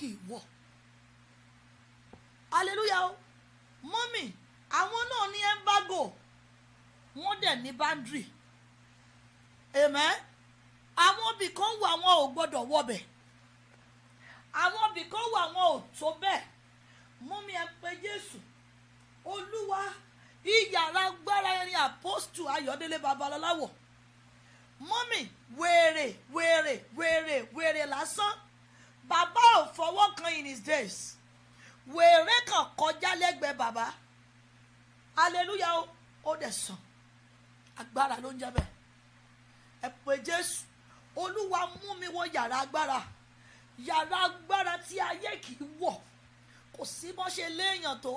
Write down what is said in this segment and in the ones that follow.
kì í wọ̀ hallelujah o mọ́mì àwọn náà ní embargo wọ́n dẹ̀ ní boundary amen àwọn ibì kan wà wọn ò gbọ́dọ̀ wọ̀bẹ̀ àwọn ibì kan wà wọn ò tó bẹ́ẹ̀ mọ́mì ẹ pé Jésù olúwa ìyàrá agbára ẹni àpọ́stù Ayọ̀délé Babaláwo mọ́mì wèrè wèrè wèrè wèrè lásán bàbá ò fọwọ́ kan in his days wèrè kan kọjá lẹ́gbẹ̀ẹ́ bàbá hallelujah ó ó dẹ̀ sàn agbára ló ń jẹ́ bẹ́ẹ̀ ẹ pé jésù olúwa mú mi wọ yàrá agbára yàrá agbára tí ayé kì í wọ̀ kò sí bọ́ ṣe léèyàn tó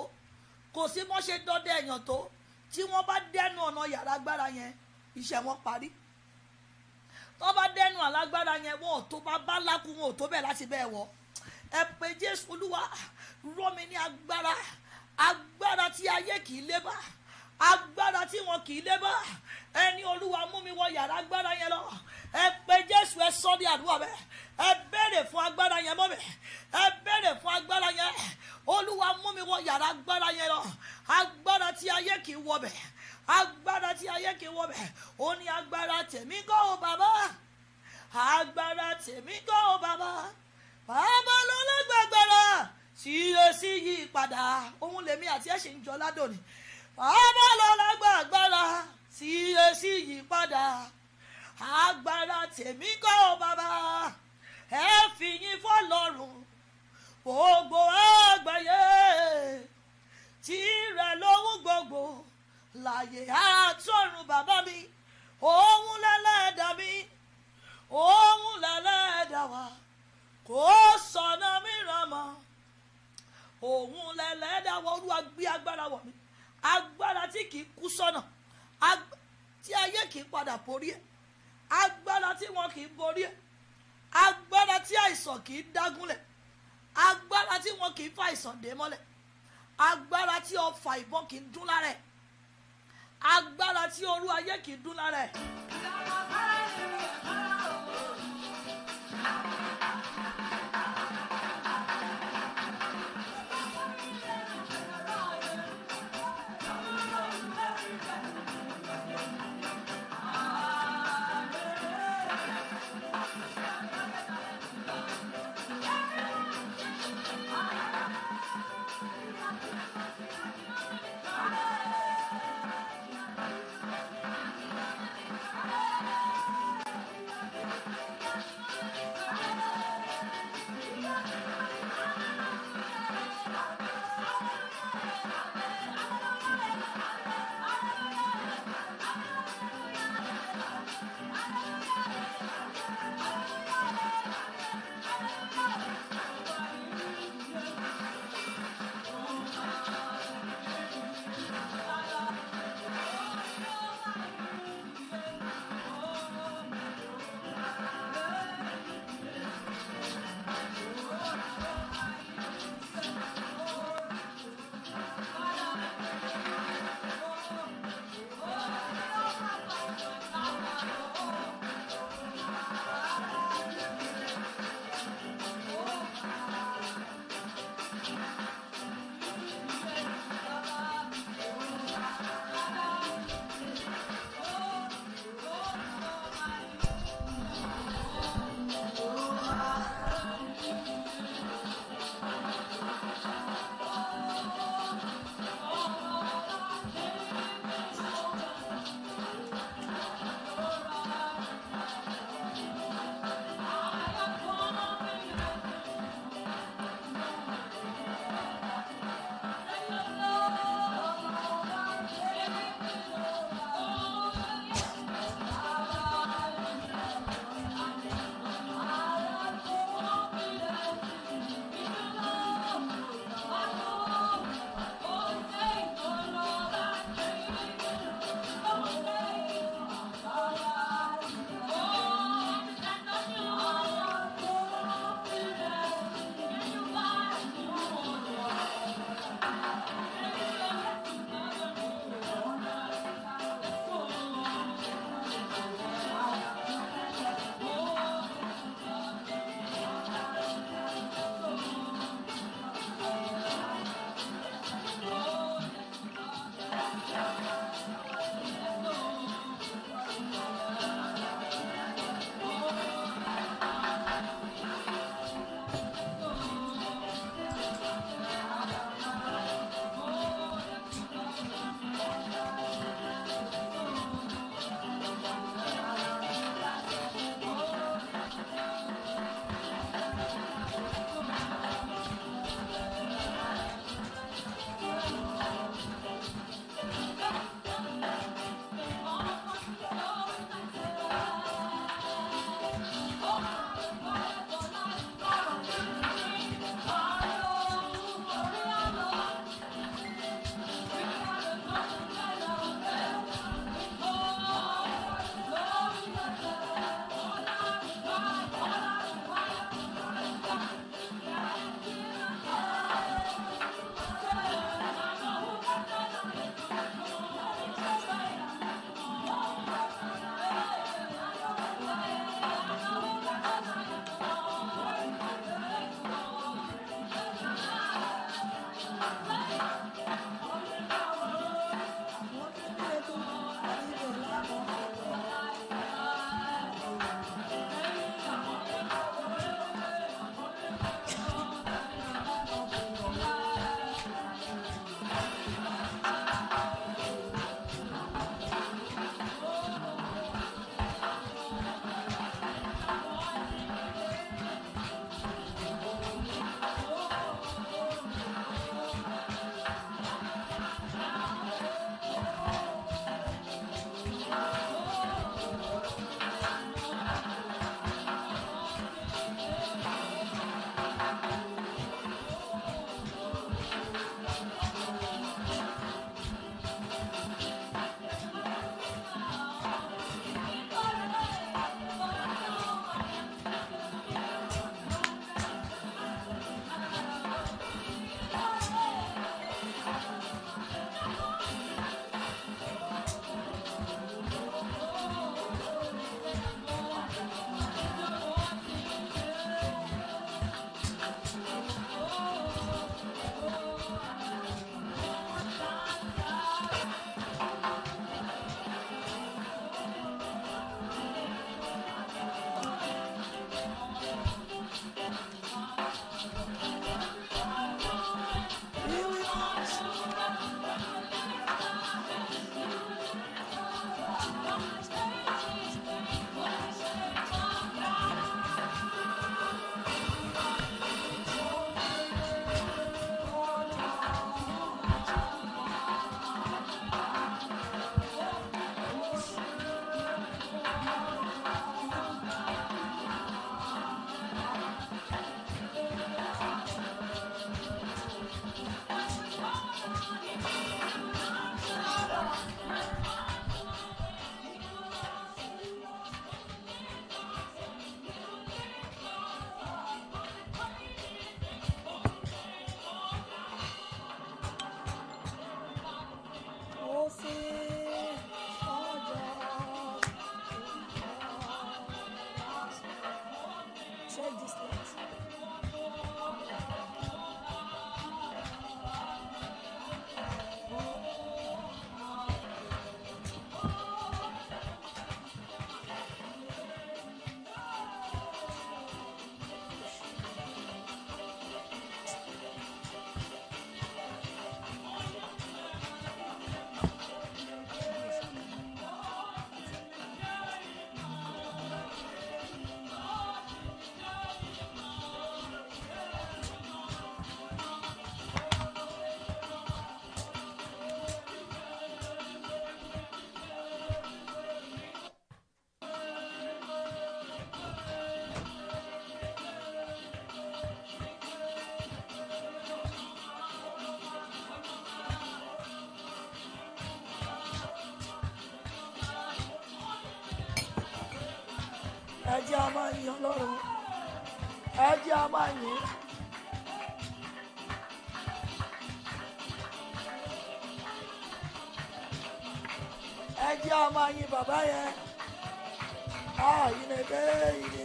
kò sí bọ́ ṣe dọ́dẹ̀ èèyàn tó tí wọ́n bá dẹnu ọ̀nà yàrá agbára yẹn iṣẹ́ parí tó bá dẹnu alágbára yẹn wọ́n tó bá bá lákùn wọn ò tó bẹ́ẹ̀ láti bẹ́ẹ̀ wọ́ ẹ pé jésù olúwa rọ̀ mí ní agbára agbára tí ayé kì í lé bá agbára tí wọn kì í lé bá ẹni olúwa mú mi wọ yàrá agbára yẹn lọ ẹ pé jésù ẹ sọ ní àdúrà bẹ ẹ béèrè fún agbára yẹn mọ́ mi ẹ béèrè fún agbára yẹn olúwa mú mi wọ yàrá agbára yẹn lọ agbára tí ayé kì í wọ bẹ́ẹ̀ agbára tí ayé kì í wọ bẹ̀ ó ní agbára tèmi kọ́ o bàbá agbára tèmi kọ́ o bàbá bàbá ló lágbàgbára tí o sì yí padà òun lèmi àti ẹ̀ ṣe ń jọ ládùn ni bàbá ló lágbàgbára tí o sì yí padà agbára tèmi kọ́ o bàbá ẹ fi yín fọlọ́run gbogbo àgbáyé tìrẹ lóhùn gbogbo láàyè àtọ̀run bàbá mi òun lẹ́lẹ́dà mi òun lẹ́lẹ́dà wa kò sọ̀nà mìíràn mọ́ òun lẹ́lẹ́dà wa olúwa gbé agbára wọ̀ mí agbára tí kì í kú sọ̀nà tí ayé kì í padà borí ẹ̀ agbára tí wọn kì í borí ẹ̀ agbára tí àìsàn kì í dágúnlẹ̀ agbára tí wọn kì í fa àìsàn dé mọ́lẹ̀ agbára tí ọfà ìbọn kì í dún lára ẹ̀ agbára tí orú ayé kì í dún lára ẹ̀. ẹ jẹ́ a máa yin ọlọ́run ẹ a máa yin. ẹ a máa yin bàbá yẹn. Ah, yine de yine.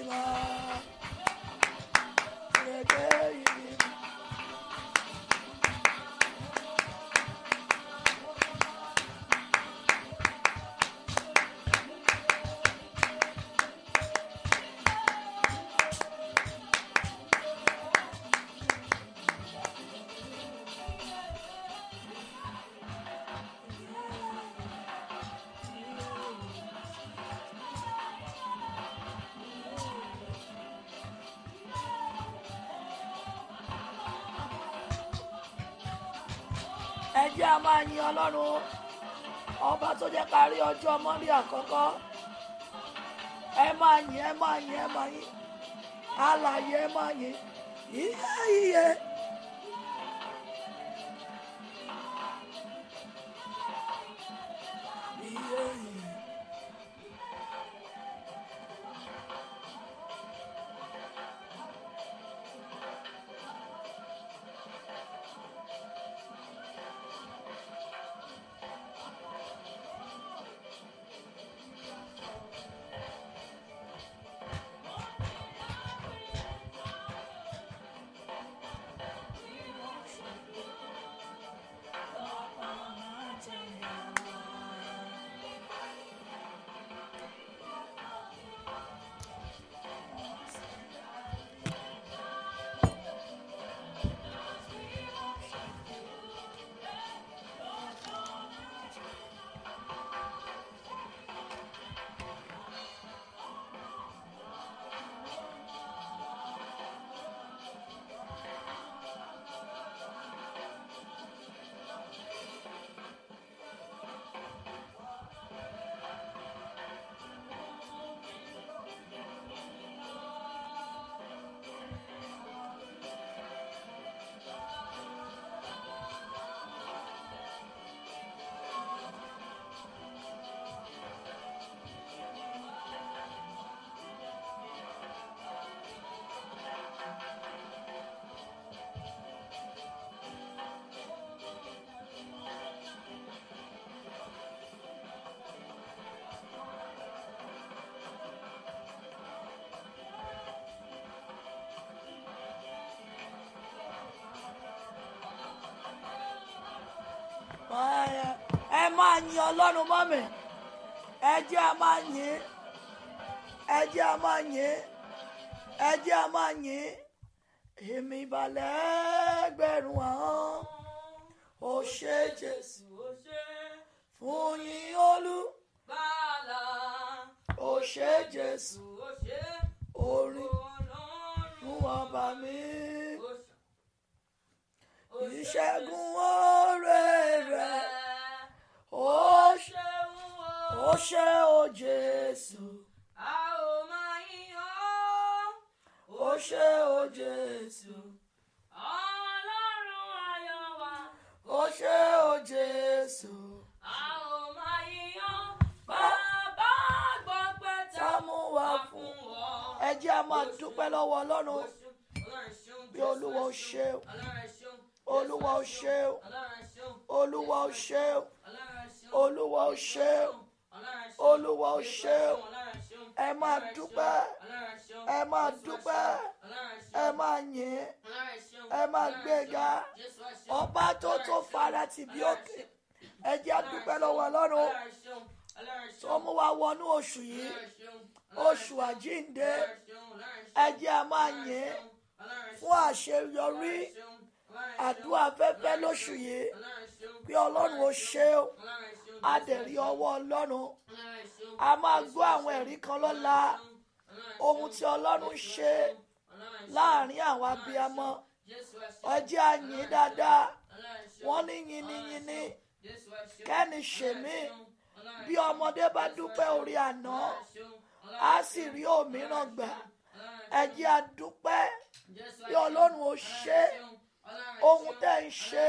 máa yin ọlọ́run ọba tó jẹ́ ká rí ọjọ́ mọ́lì àkọ́kọ́ ẹ máa yin ẹ máa yin ẹ máa yin alààyè ẹ máa yin iye iye. yin ọlọ́run mọ́ mi ẹ jẹ́ a máa yin ẹ jẹ́ a máa yin ẹ jẹ́ a máa yin èmi balẹ̀ ẹgbẹ̀rún àwọn ó ṣe Jésù fún yín olú ó ṣe Jésù orin fún ọba mi. ṣe o Jesu, a ò máa yìn ọ́. o ṣe o jésù. ọlọ́run ayọ̀ wa. o ṣe o jésù. a ò máa yìn ọ́. bàbá gbọ́pẹ́ tá a mú wa fún ọ. ẹ jẹ́ a máa dúpẹ́ lọ́wọ́ ọlọ́run bí olúwa ó ṣe o olúwa ó ṣe o olúwa ó ṣe o olúwa ó ṣe o olúwa ó ṣeun ẹ máa dúpẹ́ ẹ máa dúpẹ́ ẹ máa yìn ẹ máa gbéga ọba tó tó fara tì bí òkè ẹ jẹ́ dúpẹ́ lọ́wọ́ ọlọ́run tó mú wa wọnú oṣù yìí oṣù àjínde ẹ jẹ́ a máa yìn fún àṣeyọrí àdúrà fẹ́fẹ́ lóṣù yìí bí ọlọ́run ó ṣeun a dẹ̀ rí ọwọ́ ọlọ́run a máa gbọ́ àwọn ẹ̀rí kan lọ́la ohun tí ọlọ́run ṣe láàrin àwọn abiyamọ ọjọ́ àyìn dáadáa wọ́n ní yiniyini kẹ́ni ṣèmí bí ọmọdé bá dúpẹ́ orí àná a sì rí òmíràn gbà ẹ a dúpẹ́ bí ọlọ́run ó ṣe ohun tẹ́ ń ṣe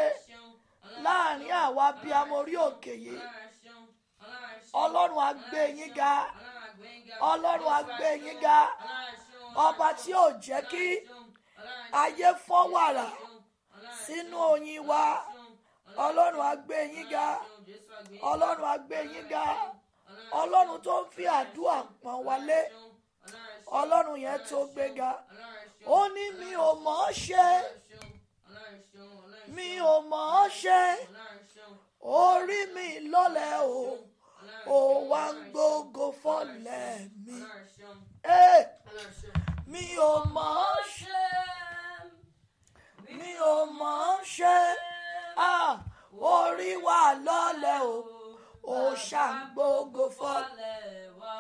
láàrin àwa bíi amórí òkè yìí ọlọ́run á gbé yín ga ọlọ́run á gbé yín ga ọba tí ò jẹ́ kí ayé fọ́ wàrà sínú oyin wa ọlọ́run á yín ga ọlọ́run á yín ga ọlọ́run tó ń fi àdúrà pọ́n wálé ọlọ́run yẹn tó gbéga ó ní mi ò mọ̀ ọ́ ṣe mi ò mọ̀ ọ́ ṣe orí mi lọ́lẹ̀ o ò wá ń gbógo fọ́lẹ̀ mi eh! mi ò mọ̀ ọ́ ṣe mi ò mọ̀ ọ́ ṣe ah! orí wa lọ́lẹ̀ o ò ṣàǹgbógo fọ́lẹ̀ wa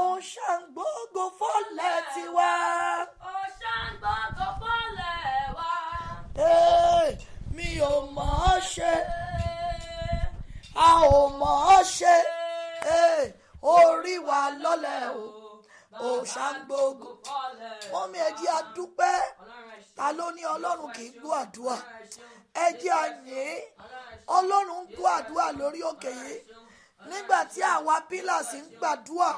ó ṣàǹgbógo fọ́lẹ̀ tiwa. ó ṣàǹgbógo fọ́lẹ̀ wa. Eh! ò mọ̀ ọ́ ṣe a ò mọ̀ ọ́ ṣe orí wa lọ́lẹ̀ o ò ṣàǹgbógun mọ́mí ẹ jẹ́ adúpẹ́ ta ló ní ọlọ́run kì í gbọ́ àdúrà ẹ jẹ́ àyìn ọlọ́run ń gbọ́ àdúrà lórí òkè yìí nígbà tí àwa pílàsì ń gbàdúrà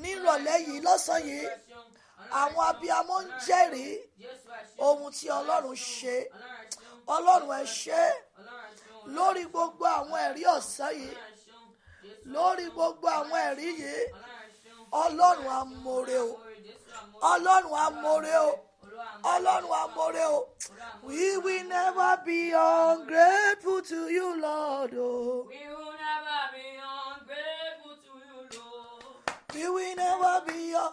nírọ̀lẹ́ yìí lọ́sàn yìí àwọn abiyamọ ń jẹ́rìí ohun tí ọlọ́run ṣe ọlọ́run ẹ ṣé lórí gbogbo àwọn ẹ̀rí ọ̀sán yìí lórí gbogbo àwọn ẹ̀rí yìí ọlọ́run amore o ọlọ́run amore o ọlọ́run amore o we will never be ungrateful to you lord o. Oh. we will never be ungrateful to you lord. we will never be un.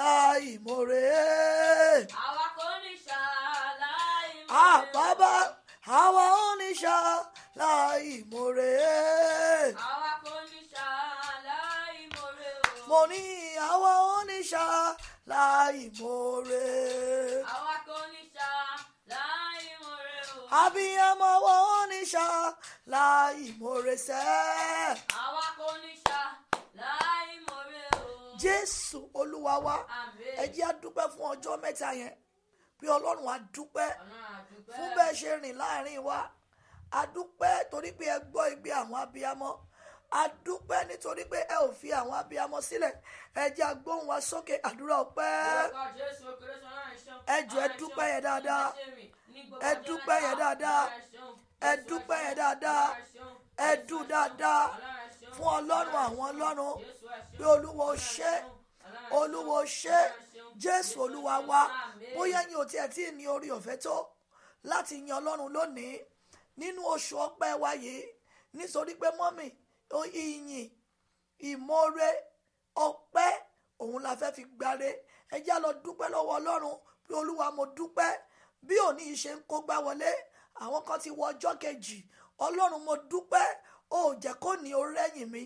láì mòrè. àwa kò ní ṣá láì mòrè. Ah, àbábá àwa ò ní ṣá láì mòrè. àwa kò ní ṣá láì mòrè. mo ní àwa ò ní ṣá láì mòrè. àwa kò ní abiyamọ wa ò ní ṣá láì mòrè sẹ́. àwa kò ní ṣá jésù olúwa wa ẹ jẹ́ á dúpẹ́ fún ọjọ́ mẹ́ta yẹn bí ọlọ́run á dúpẹ́ fún bẹ́ẹ̀ ṣe rìn láàrin wa á dúpẹ́ torí pé ẹ gbọ́ igbe àwọn abiyamọ á nítorí pé ẹ ò fi àwọn abiyamọ sílẹ̀ ẹ jẹ́ wa sókè àdúrà ọpẹ́ ẹ jọ̀ọ́ ẹ dúpẹ́ yẹn dáadáa ẹ dúpẹ́ yẹn dáadáa ẹ dúpẹ́ yẹn dáadáa ẹ dùn dáadáa fún ọlọ́run àwọn ọlọ́run pé olúwo ṣe olúwo ṣe jésù olúwa wá bóyá ẹ̀yin ò tiẹ̀ tí ì ní orí ọ̀fẹ́ tó láti yan ọlọ́run lónìí nínú oṣù ọpẹ́ wa yìí nítorí pé mọ́mì ìyìn ìmoore ọpẹ́ òun la fẹ́ fi gbáre ẹ já lọ dúpẹ́ lọ́wọ́ ọlọ́run pé olúwa mo dúpẹ́ bí òní ṣe ń kó gbá wọlé àwọn kan ti wọ ọjọ́ kejì ọlọ́run mo dúpẹ́ o ò jẹ́ kó ní o mi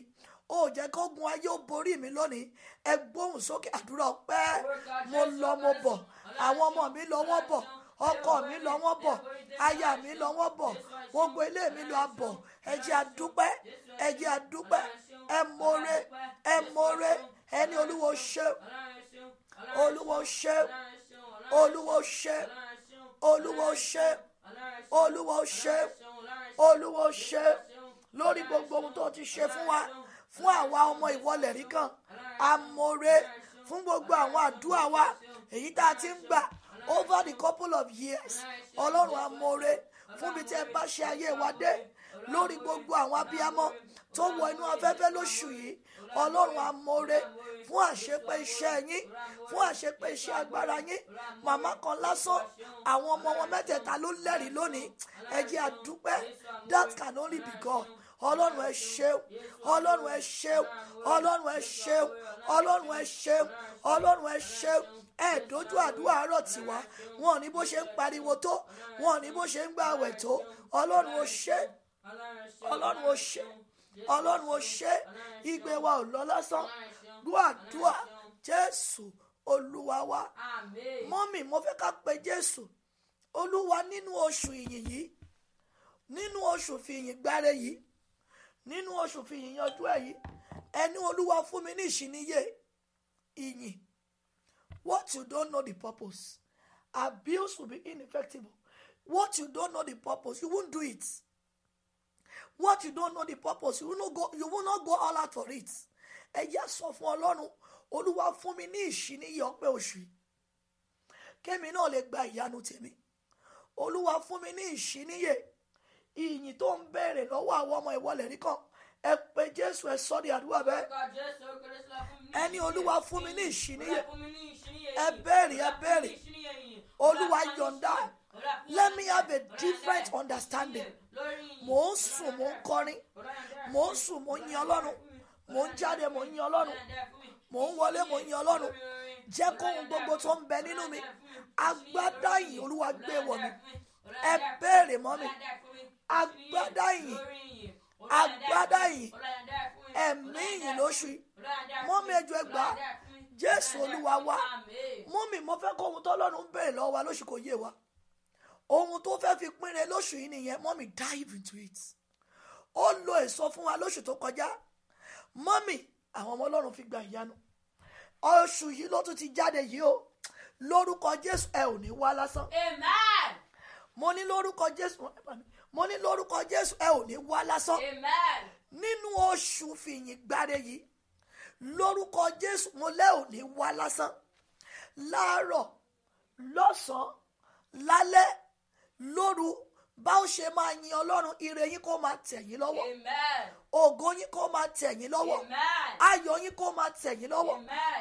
o ò jẹ́ kó gun ayé ó borí mi lónìí ẹ gbóhùn sókè àdúrà ọpẹ́ mo lọ mo bọ̀ àwọn ọmọ mi lọ wọ́n bọ̀ ọkọ mi lọ wọ́n bọ̀ aya mi lọ wọ́n bọ̀ gbogbo ilé mi lọ bọ̀ ẹ jẹ́ àdúpẹ́ ẹ ẹ mọre ẹ mọre ẹni olúwo ṣe olúwo ṣe olúwo ṣe olúwo ṣe olúwo ṣe olúwo ṣe lórí gbogbo ohun tó ti ṣe fún wa fún àwa ọmọ ìwọlẹ̀ rí kan amore fún gbogbo àwọn àdúrà wa èyí tá a ti ń gbà over the couple of years ọlọ́run amore fún bí tí ẹ bá ṣe ayé wa dé lórí gbogbo àwọn abiyamọ tó wọ inú afẹ́fẹ́ lóṣù yìí ọlọ́run amóore fún àṣepé iṣẹ́ yín fún àṣepé iṣẹ́ agbára yín màmá kan lásán àwọn ọmọ wọn mẹ́tẹ̀ẹ̀ta ló lẹ́rìí lónìí ẹ jẹ́ àdúpẹ́ that can only be God ọlọ́run ẹ ṣé o ọlọ́run ẹ ṣé o ọlọ́run ẹ ṣé o ọlọ́run ẹ ṣé o ọlọ́run ẹ ṣé o ẹ dojú àdúrà àárọ̀ tiwa wọn ò ní bó ṣe ń pariwo tó wọn ò ní bó ṣe ń gbààwẹ̀ tó ọlọ́run ó ṣé ọlọ́run ó ṣé ọlọ́run ó ṣé igbe wa ò lọ lásán dúà dúà jésù olúwa wa mọ́mì mo fẹ́ ká pe jésù olúwa nínú oṣù ìyìn yìí nínú oṣù fìyìn gbáre yìí nínú oṣù fi ìyànjú ẹ̀ yìí ẹni olúwa fún mi ní ìṣìníyè ìyìn what you don't know the purpose abuse will be ineffective what you don't know the purpose you won't do it what you don't know the purpose you will not go you will not go all out for it ẹ jẹ́ sọ fún ọlọ́run olúwa fún mi ní ìṣíníyè ọpẹ́ oṣù kémi náà lè gba ìyanu tèmi olúwa fún mi ní ìṣíníyè ìyìn tó ń béèrè lọ́wọ́ àwọn ọmọ ìwọlẹ̀ rí kan ẹ pé jésù ẹ sọ ní àdúrà bẹ́ẹ̀ ẹni olúwa fún mi ní ìṣìníyè ẹ béèrè ẹ béèrè olúwa yọ̀ǹda let me have a different understanding mò ń sùn mò ń kọrin mò ń sùn mò ń yin ọlọ́run mò ń jáde mò ń yin ọlọ́run mò ń wọlé mò ń yin ọlọ́run jẹ́ kóhun gbogbo tó ń bẹ nínú mi agbádá yìí olúwa gbé wọ̀ mi ẹ béèrè mọ́ mi agbádá yìí agbádá yìí ẹ̀mí yìí lóṣù mọ́mí ẹjọ́ ẹgbà jésù olúwa wa mọ́mí mo fẹ́ kó ohun tó lọ́nu ń bèrè lọ́wọ́ wa lóṣù kò yé wa ohun tó fẹ́ fi pínre lóṣù yìí nìyẹn mọ́mí dive into it ó lo èso fún wa lóṣù tó kọjá mọ́mí àwọn ọmọ ọlọ́run fi gba ìyanu oṣù yìí ló tún ti jáde yìí o lórúkọ jésù ẹ ò ní wá lásán mo ní lórúkọ jésù ẹ bá mi mo ní lórúkọ jésù ẹ ò ní wá lásán nínú oṣù fìyìngbáre yìí lórúkọ jésù mo lẹ́ ò ní wá lásán láàárọ̀ lọ́sàn-án lálẹ́ lóru bá ó ṣe máa yin ọlọ́run ire yín kó máa tẹ̀ yín lọ́wọ́ ògo yín kó máa tẹ̀ yín lọ́wọ́ ayọ̀ yín kó máa tẹ̀ yín lọ́wọ́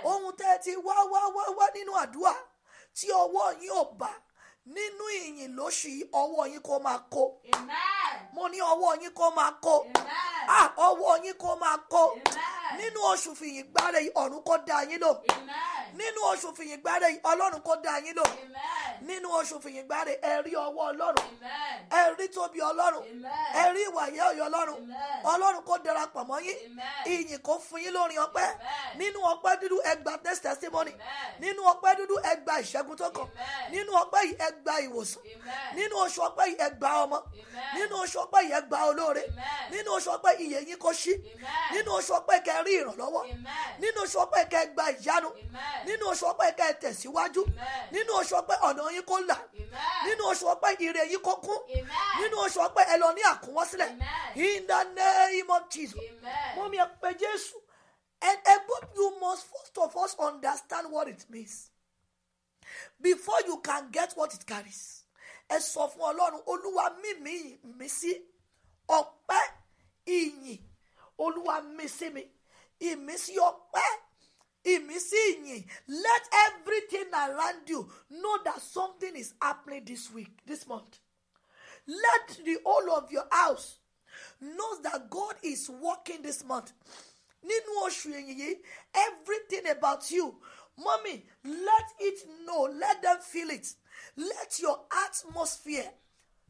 ohun tẹ́ ti wá wá wá wá nínú àdúrà tí ọwọ́ yín ò bá nínú ìyìn lóṣù yìí ọwọ́ yín kó máa kó mo ní ọwọ́ yín kó máa kó ah, ọwọ́ yín kó máa kó nínú oṣù fìyìn gbáre ọ̀run kó dá yín lò nínú oṣù fìyìn ọlọ́run kó dá yín lò. Amen nínú oṣù fìyìngbáre ẹ rí ọwọ́ ọlọ́run ẹ rí tóbi ọlọ́run ẹ rí ìwà yẹ ọyọ ọlọ́run ọlọ́run kó darapọ̀ mọ́ yín ìyìn kó fún yín lórin ọpẹ́ nínú ọpẹ́ dúdú ẹ gba testimony nínú ọpẹ́ dúdú ẹ gba ìṣẹ́gun tó kàn nínú ọpẹ́ yìí ẹ gba ìwòsàn nínú oṣù ọpẹ́ yìí ẹ gba ọmọ nínú oṣù ọpẹ́ yìí ẹ gba olóore nínú oṣù ọpẹ́ ìyè yín kó ṣí nínú oṣù ọpẹ́ kẹ́ rí ìrànlọ́wọ́ nínú oṣù ọpẹ́ kẹ́ gba ìyanu nínú oṣù ọpẹ́ kẹ́ tẹ̀síwájú nínú oṣù ọpẹ́ ọ̀nà ọkàn yín kó là nínú oṣù ọpẹ́ ire yín kó kún nínú oṣù ọpẹ́ ẹ lọ ní àkúnwọ́ sílẹ̀ in the name of Jesus mọ́mí ẹ pé Jésù and above you must first of all understand what it means before you can get what it carries ẹ sọ fún Ọlọ́run Olúwa mímí mi sí ọpẹ́ ìyìn Olúwa mi sí mi ìmísí ọpẹ́ ìmísí ìyìn let everything around you know that something is happening this week this month let the whole of your house knows that God is working this month nínú oṣù ẹ̀yìn yìí everything about you mommy let it know let them feel it let your atmosphere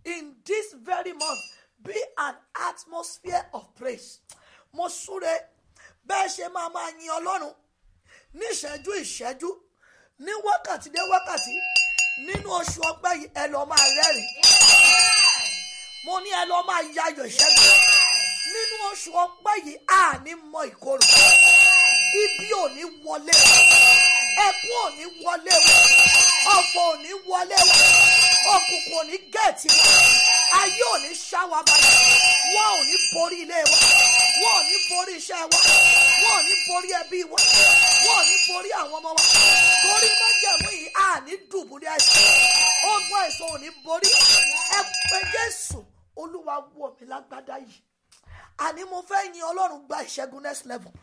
in this very month be an atmosphere of praise mo súre bẹ́ẹ̀ ṣe máa máa yin Ọlọ́run ní ìṣẹ́jú ìṣẹ́jú ní wákàtí dé wákàtí nínú oṣù ọgbẹ́ yìí ẹ lọ máa rẹ́rìn mo ní ẹ lọ máa yayọ̀ ìṣẹ́gun nínú oṣù ọgbẹ́ yìí àní mọ ìkorò ibi ò ní wọlé ẹkún ò ní wọlé ọ̀fọ̀ ò ní wọlé òkùnkùn ò ní géètì wa ayé ò ní ṣá wa balẹ̀ wọn ò ní borí ilé wa wọn ò ní borí iṣẹ́ wa wọn ò ní borí ẹbí wa wọn ò ní borí àwọn ọmọ wa torí májẹ̀mú yìí a ní dùbúlẹ̀ ẹ̀sìn ogun ẹ̀sìn ò borí ẹ Jésù Olúwa wọ̀ mí lágbádá yìí àní mo fẹ́ yin Ọlọ́run gba ìṣẹ́gun next level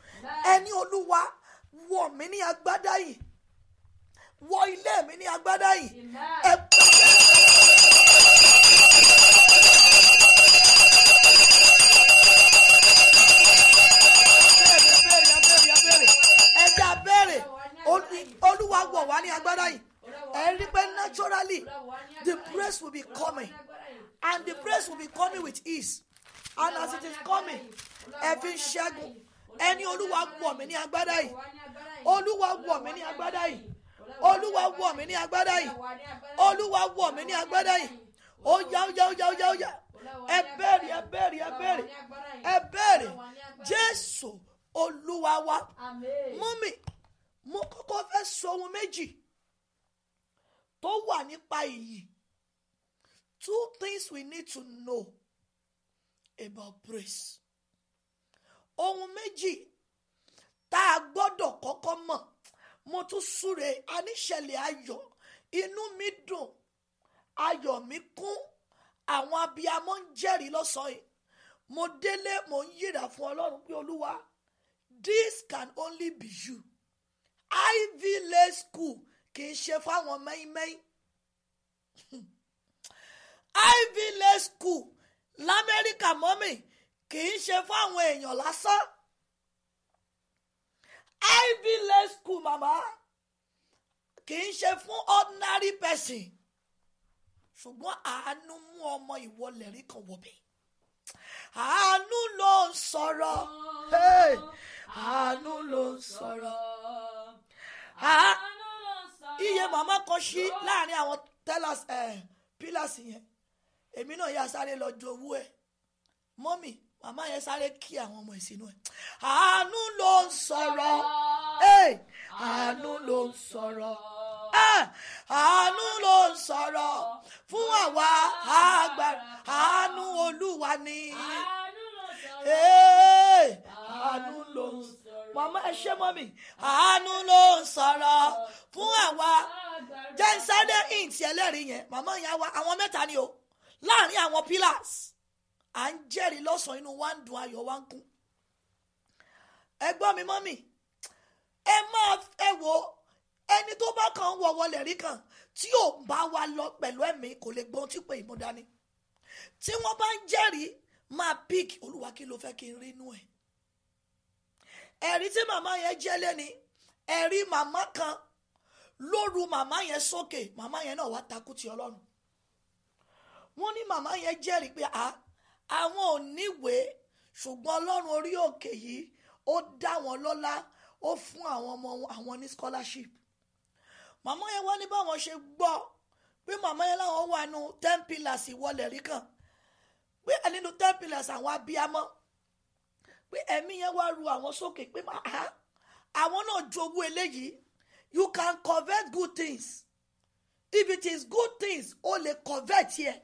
ẹni Olúwa wọ̀ mí ní agbádá yìí wọ ilé mi ní agbádá yìí ẹ bá olúwa wọ̀ wá ní agbádá yìí ẹ rí pé naturally the praise will be coming and the praise will be coming with ease and as it is coming ẹ fi ń ṣẹ́gun ẹni olúwa wọ̀ mí ní agbádá yìí olúwa wọ̀ mí ní agbádá yìí olúwa wọ̀ mí ní agbádá yìí olúwa wọ̀ mí ní agbádá yìí ó yá ó yá ó yá ó yá ó yá ẹ bẹ̀rẹ̀ ẹ bẹ̀rẹ̀ ẹ bẹ̀rẹ̀ ẹ bẹ̀rẹ̀ jésù olúwa wa mú mi mo kọ́kọ́ fẹ́ sọ ohun méjì tó wà nípa èyí two things we need to know about praise ohun méjì tá a gbọ́dọ̀ kọ́kọ́ mọ̀ mo tún súre aníṣẹ̀lẹ̀ ayọ̀ inú mi dùn ayọ̀ mi kún àwọn abiyamọ ń jẹ́rìí lọ́sàn-án yìí mo délé mo ń yíra fún ọlọ́run pé olúwa this can only be you ivy lay school kì í ṣe fáwọn mẹ́ìmẹ́ì ivy lay school lamẹ́ríkà mọ́mì kì í ṣe fáwọn èèyàn lásán ivy-led school mama, kì í ṣe fún ordinary person ṣùgbọ́n àánú mú ọmọ ìwọlẹ̀ rí kan wọ̀bẹ̀ àánú ló ń sọ̀rọ̀ àánú ló ń sọ̀rọ̀ ah! iye màmá kan ṣí láàrin àwọn eh, pílàsì yẹn èmi náà yà sáré lọ ju owó ẹ̀ mọ́mì màmá yẹn sáré kí àwọn ọmọ ìsinú ẹ àánú ló ń sọ̀rọ̀ àánú ló ń sọ̀rọ̀ àánú ló ń sọ̀rọ̀ fún àwa agbára àánú olúwa ni àánú ló ń sọ̀rọ̀ màmá ẹ ṣé mọ́mì àánú ló ń sọ̀rọ̀ fún àwa jẹ́ sáré ìǹtí ẹlẹ́rìí yẹn màmá yẹn wá àwọn mẹ́ta ni o láàrin àwọn pillars à ń jẹ́rìí lọ́sàn-án inú wa ń dùn ayọ̀ wa ń kún ẹ gbọ́ mi mọ́mì ẹ máa ẹ wo ẹni tó bá kàn ń wọ wọlé rí kan tí ò bá wa lọ pẹ̀lú ẹ̀mí kò lè gbọ́n tí pé ìmú dání tí wọ́n bá ń jẹ́rìí máa pick olúwa kí ló fẹ́ kí n rí inú ẹ̀ ẹ̀rí tí màmá yẹn jẹ́ lẹ́ni ẹ̀rí màmá kan lóru màmá yẹn sókè màmá yẹn náà wá takú ti ọlọ́run wọ́n ní màmá yẹn jẹ́rìí pé ah àwọn ò níwèé ṣùgbọ́n ọlọ́run orí òkè yìí ó dá wọn lọ́lá ó fún àwọn ọmọ àwọn ní scholarship màmá yẹn wá ní báwọn ṣe gbọ́ pé màmá yẹn láwọn wà nù ten pillars ìwọlẹ̀ rí kan pé nínú ten pillars àwọn abiyamọ pé ẹ̀mí yẹn wá ru àwọn sókè pé àwọn náà jowú eléyìí you can covet good things if it is good things o lè covet yẹn. Yeah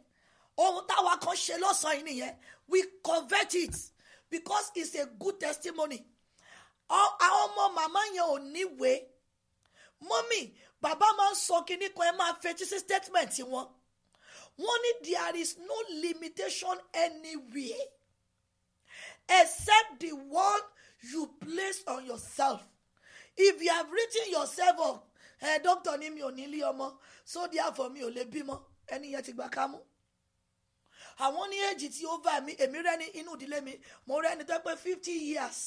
ohun táwa kan ṣe lọ́sàn-án yìí nìyẹn we convert it because it's a good testimony àwọn ọmọ màmá yẹn ò níwèé mọ́mì bàbá máa ń sọ kinní kan ẹ máa fetí sí statement wọn wọ́n ní there is no limitation anywhere except the one you place on yourself if you have written yourself up ẹ eh, dókítà ni mi ò ní ọmọ so therefore mi ò lè bímọ ẹni yẹn ti gbà ká àwọn ní èjì tí ó bá mi èmi rẹ́ni inú ìdílé mi mo rẹ́ni tó pé fifty years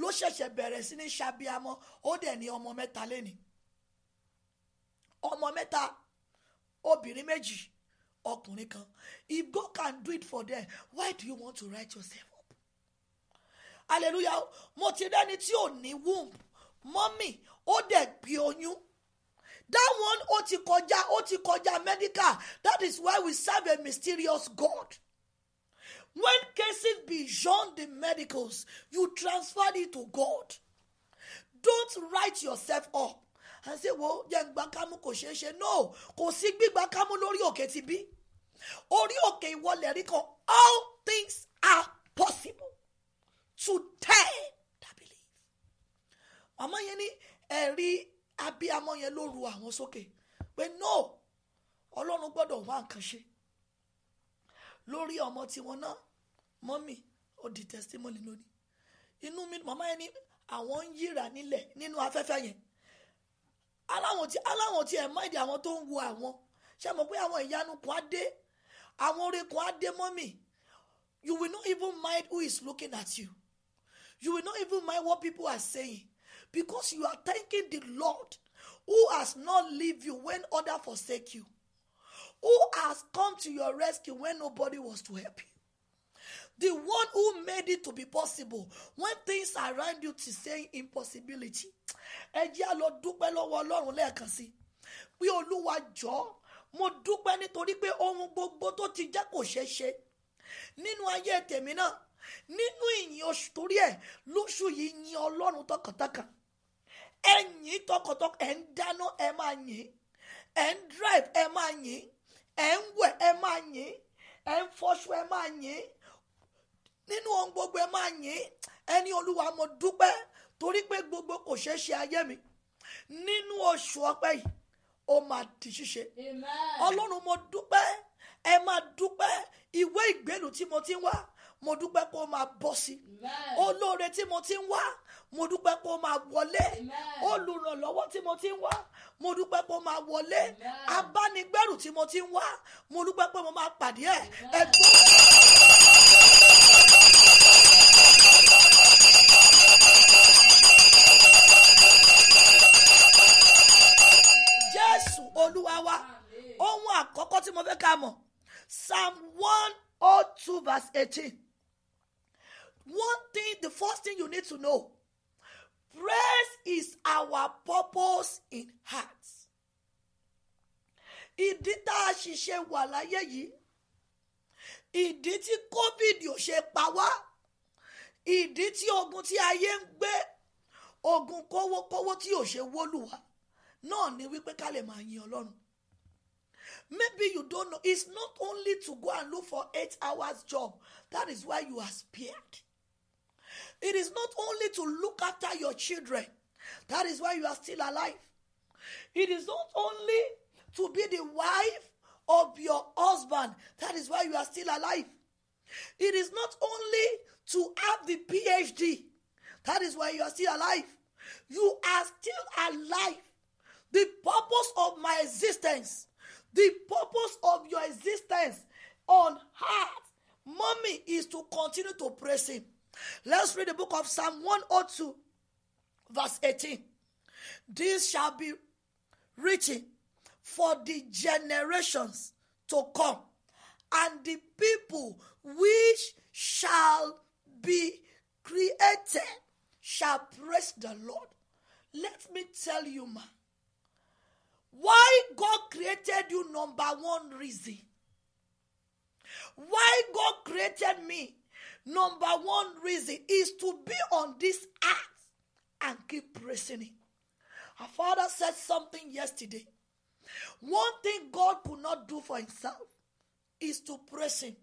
ló ṣẹ̀ṣẹ̀ bẹ̀rẹ̀ sí ní ṣàbíamọ́ ó dẹ̀ ní ọmọ mẹ́ta lẹ́ni ọmọ mẹ́ta obìnrin méjì ọkùnrin kan if God can do it for them why do you want to write yourself up hallelujah mo ti rẹ́ni tí ò ní womb mọ́mì ó dẹ̀ gbé oyún That one, ó ti kọjá, ó ti kọjá medical. That is why we serve a mysterious God. When cases beyond the medicals, you transfer it to God. Don't write yourself up and say, well, jẹ́ ń gba kámú kò ṣeé ṣe. No, kò sí gbígba kámú lórí òkè ti bí. Orí òkè ìwọlẹ̀ rí kan, all things are possible to them that believe. Màmá yẹn ní ẹ̀rí abiyamọ yẹn ló ru àwọn sókè pé no ọlọ́run gbọ́dọ̀ wá nǹkan ṣe lórí ọmọ tiwọn náà mọ́mì ó di testimony lónìí inú mi màmá yẹn ní àwọn ń yíra nílẹ̀ nínú afẹ́fẹ́ yẹn aláwọn tí aláwọn tí ẹ̀ máìdì àwọn tó ń wo àwọn ṣe mọ̀ pé àwọn ìyanu kan á dé àwọn oore kan á dé mọ́mì you will not even mind who is looking at you you will not even mind what people are saying because you are thanking the Lord who has not leave you when others forsake you, who has come to your rescue when nobody was to help you. The one who made it to be possible when things around you to say impossibility. Ẹ jẹ́ a pé Olúwa jọ̀ọ́ mo dúpẹ́ nítorí pé ohun gbogbo tó ti jẹ́ kò ṣeé ṣe nínú ayé tèmi náà nínú ìyìn oṣù torí ẹ̀ lóṣù yìí yin Ọlọ́run tọkàntọkàn ẹ̀yìn tọkàntọkàn ẹ̀ ń dáná ẹ̀ máa yìn ẹ̀ ń drive ẹ̀ máa yìn ẹ̀ ń wẹ̀ ẹ̀ máa yìn ẹ̀ ń fọṣọ ẹ̀ máa yìn nínú ohun gbogbo ẹ̀ máa yìn ẹni olúwa mo dúpẹ́ torí pé gbogbo kò ṣeé ṣe ayé mi nínú oṣù ọpẹ́ yìí ó máa di ṣíṣe ọlọ́run mo dúpẹ́ ẹ máa dúpẹ́ ìwé ìgbélú tí mo ti ń wá mo dúpẹ́ kó máa bọ́ sí olóore tí mo ti ń wá mo dúpẹ́ pé ó máa wọlé olùrànlọ́wọ́ tí mo ti ń wá mo dúpẹ́ pé máa wọlé abánigbẹ́rù tí mo ti ń wá mo dúpẹ́ pé mo máa pàdé ẹ̀ ẹ̀gbọ́n. jésù olúwa wa ohun àkọ́kọ́ tí mo fẹ́ ká mọ̀ psalm one oh two verse eighteen one thing the first thing you need to know is our purpose in heart. Ìdí tá a ṣiṣẹ́ wà láyé yìí, ìdí tí COVID ò ṣe pa wá, ìdí tí ogun tí ayé ń gbé, ogun kówókówó tí ò ṣe wólùwà náà ni wípé ká lè máa yin Ọlọ́run. Maybe you don't know it's not only to go and look for eight hours job that is why you are spared. It is not only to look after your children That is why you are still alive. It is not only to be the wife of your husband, that is why you are still alive. It is not only to have the PhD, that is why you are still alive. You are still alive. The purpose of my existence, the purpose of your existence on earth, mommy, is to continue to praise Him. Let's read the book of Psalm 102 verse 18. This shall be written for the generations to come, and the people which shall be created shall praise the Lord. Let me tell you, why God created you, number one reason. Why God created me, number one reason is to be on this earth and keep praising Him. Our father said something yesterday. One thing God could not do for Himself is to praise Him.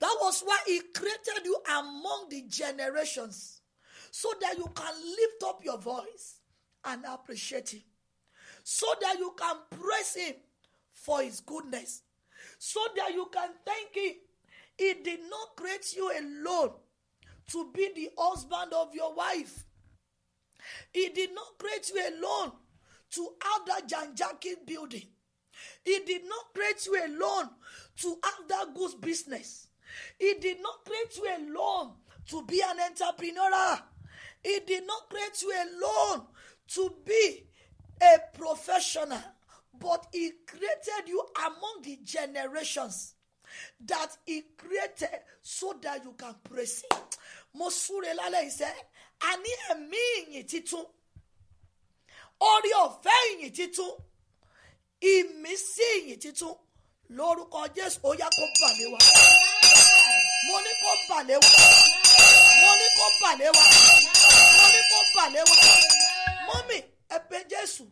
That was why He created you among the generations so that you can lift up your voice and appreciate Him, so that you can praise Him for His goodness, so that you can thank Him. He did not create you alone to be the husband of your wife. He did not create you alone to have that Janjakin building. He did not create you alone to have that good business. He did not create you alone to be an entrepreneur. He did not create you alone to be a professional, but He created you among the generations that He created so that you can proceed. Mosure mo súre lálẹ́ a ní ẹ̀mí ìyìn titun orí ọ̀fẹ́ ìyìn titun ìmísí ìyìn titun lórúkọ jésù ó yá kó bà lé wa mo ní kó bà lé wa mo ní kó bà lé wa mo ní kó bà lé mọ́mì ẹ jésù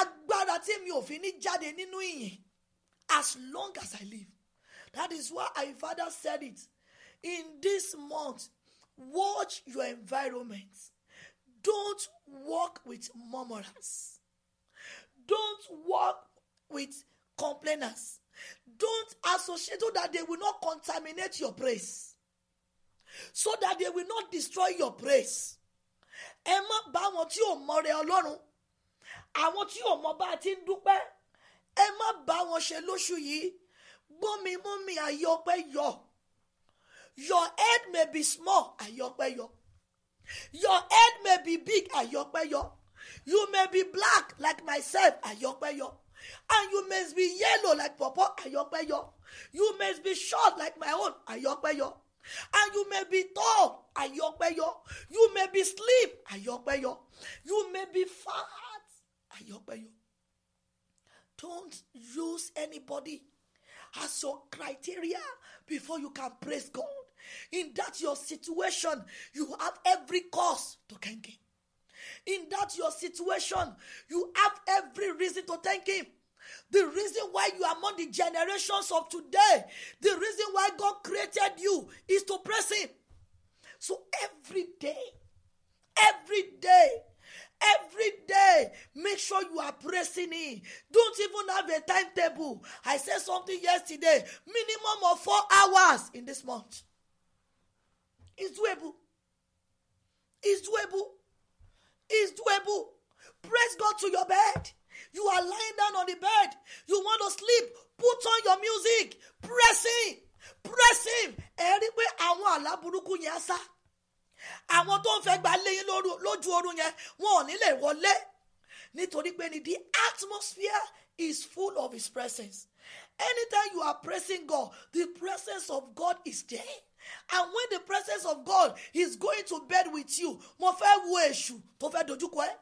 agbára tí mi ò fi ní jáde nínú ìyìn as long as I live that is why our father said it in this month Watch your environment. Don't walk with murmurers. Don't walk with complainers. Don't associate so that they will not contaminate your praise. So that they will not destroy your praise. Ẹ má bá àwọn tí ò mọ̀re Ọlọ́run. Àwọn tí ò mọ bá a ti ń dúpẹ́. Ẹ má bá wọn ṣe lóṣù yìí. Gbọ́mi mú mi àyè yọ. Your head may be small, Ayopeyo. Your head may be big, Ayopeyo. You may be black like myself, Ayopeyo. And you may be yellow like Papa, Ayopeyo. You may be short like my own, Ayopeyo. And you may be tall, Ayopeyo. You may be slim, Ayopeyo. You may be fat, Ayopeyo. Don't use anybody as your criteria before you can praise God. In that your situation, you have every cause to thank Him. In that your situation, you have every reason to thank Him. The reason why you are among the generations of today, the reason why God created you is to praise Him. So every day, every day, every day make sure you are pressing Him. don't even have a timetable i said something yesterday minimum of four hours in this month Is doable. Is doable. Is doable. Praise God to your bed. You are lying down on the bed. You want to sleep. Put on your music. Press him. Press him. Ẹ I want àwọn àlá yasa. yẹn sá. Àwọn tó ń fẹ́ gba léyìn lójú oorun yẹn, wọn ò ní lè wọlé. Nítorí pé ni the atmosphere is full of his presence. Anytime you are praising God, the presence of God is there and when the presence of God is going to bed with you mo fẹ́ wo èṣù tó fẹ́ dojúkọ ẹ́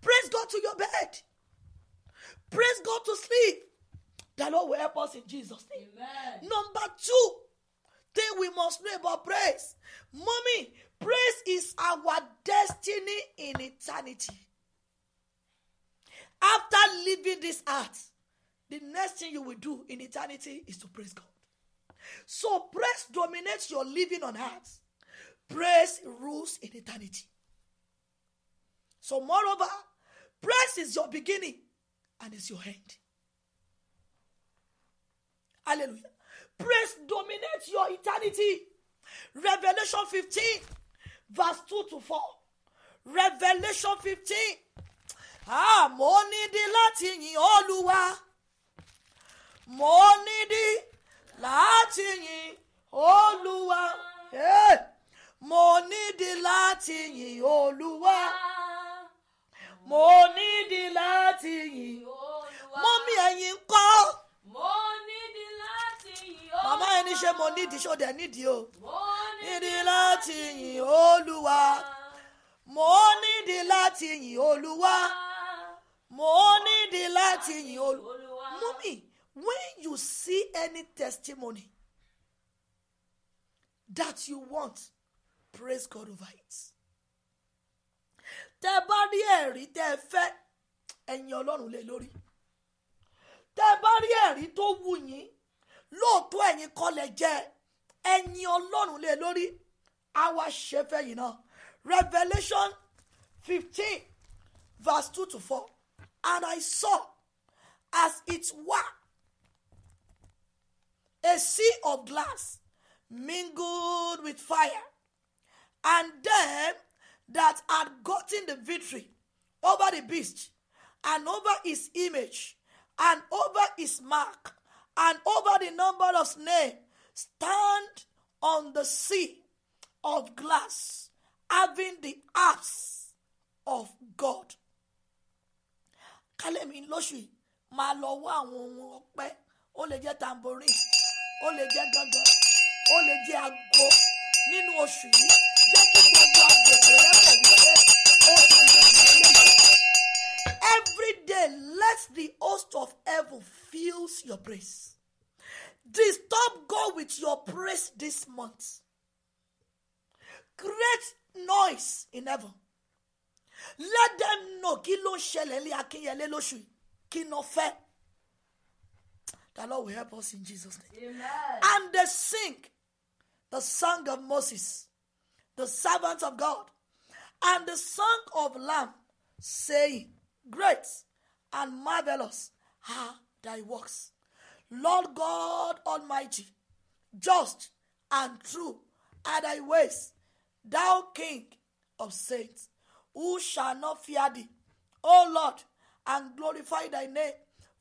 praise God to your bed praise God to sleep the Lord will help us in Jesus name Amen. number two thing we must know about praise mommy praise is our destiny in eternity after leaving this earth the next thing you will do in eternity is to praise God So praise dominates your living on earth. Praise rules in eternity. So, moreover, praise is your beginning and is your end. Hallelujah. Praise dominates your eternity. Revelation 15, verse 2 to 4. Revelation 15. Ah, mo nídìí láti yìn Olúwa. Mo nídìí láti yìn olúwa mo nídìí láti yìn olúwa mo nídìí láti yìn mo mi ẹ̀yìn kọ́. mo nídìí láti yìn olúwa. màmá ẹni ṣe mo nídìí ṣó dẹ̀ nídìí o. mo nídìí láti yìn olúwa. mo nídìí láti yìn olúwa. mo nídìí láti yìn olúwa. mú mi when you see any testimony that you want praise God over it. tẹ bá rí ẹ̀rí tẹ ẹ fẹ́ ẹ̀yin ọlọ́run lé lórí tẹ bá rí ẹ̀rí tó wù yín lóòótọ́ ẹ̀yin kọlẹ̀ jẹ́ ẹ̀yin ọlọ́run lé lórí àwa ṣe fẹ́ yìí náà Revelation fifteen verse two to four and I saw as it were a sea of glass mingled with fire, and them that had gotten the victory over the beast, and over his image, and over his mark, and over the number of names, stand on the sea of glass, having the arms of God. kálẹ̀ mi lóṣù lọ wá àwọn ohun ọpẹ́ ó lè tambourine ó lè jẹ́ gangan ó lè jẹ́ aago nínú oṣù yìí jẹ́ kí gbogbo agbègbè rẹ mọ̀ wípé ó ti rìn lẹ́yìn. Every day let the host of heaven fills your praise. Disturb God with your praise this month. Create noise in heaven. Let them know kí ló ń ṣẹlẹ̀ ní Akínyẹlé lóṣù kí n náà fẹ́. The Lord will help us in Jesus' name. Amen. And they sing the song of Moses, the servant of God, and the song of Lamb, saying, Great and marvelous are thy works. Lord God Almighty, just and true are thy ways, thou King of saints, who shall not fear thee, O Lord, and glorify thy name,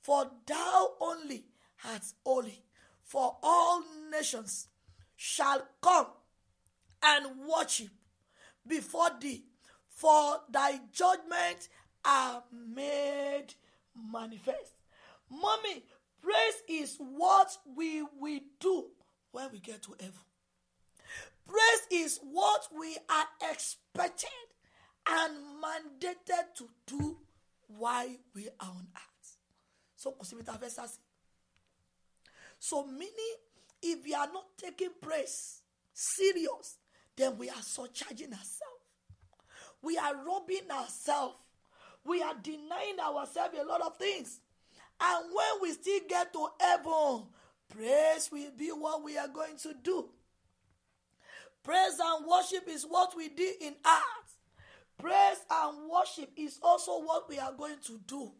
for thou only as holy, for all nations shall come and worship before thee, for thy judgments are made manifest. Mommy, praise is what we will do when we get to heaven. Praise is what we are expected and mandated to do while we are on earth. So kò síbi So, many, if we are not taking praise serious, then we are surcharging ourselves. We are robbing ourselves. We are denying ourselves a lot of things. And when we still get to heaven, praise will be what we are going to do. Praise and worship is what we did in earth. Praise and worship is also what we are going to do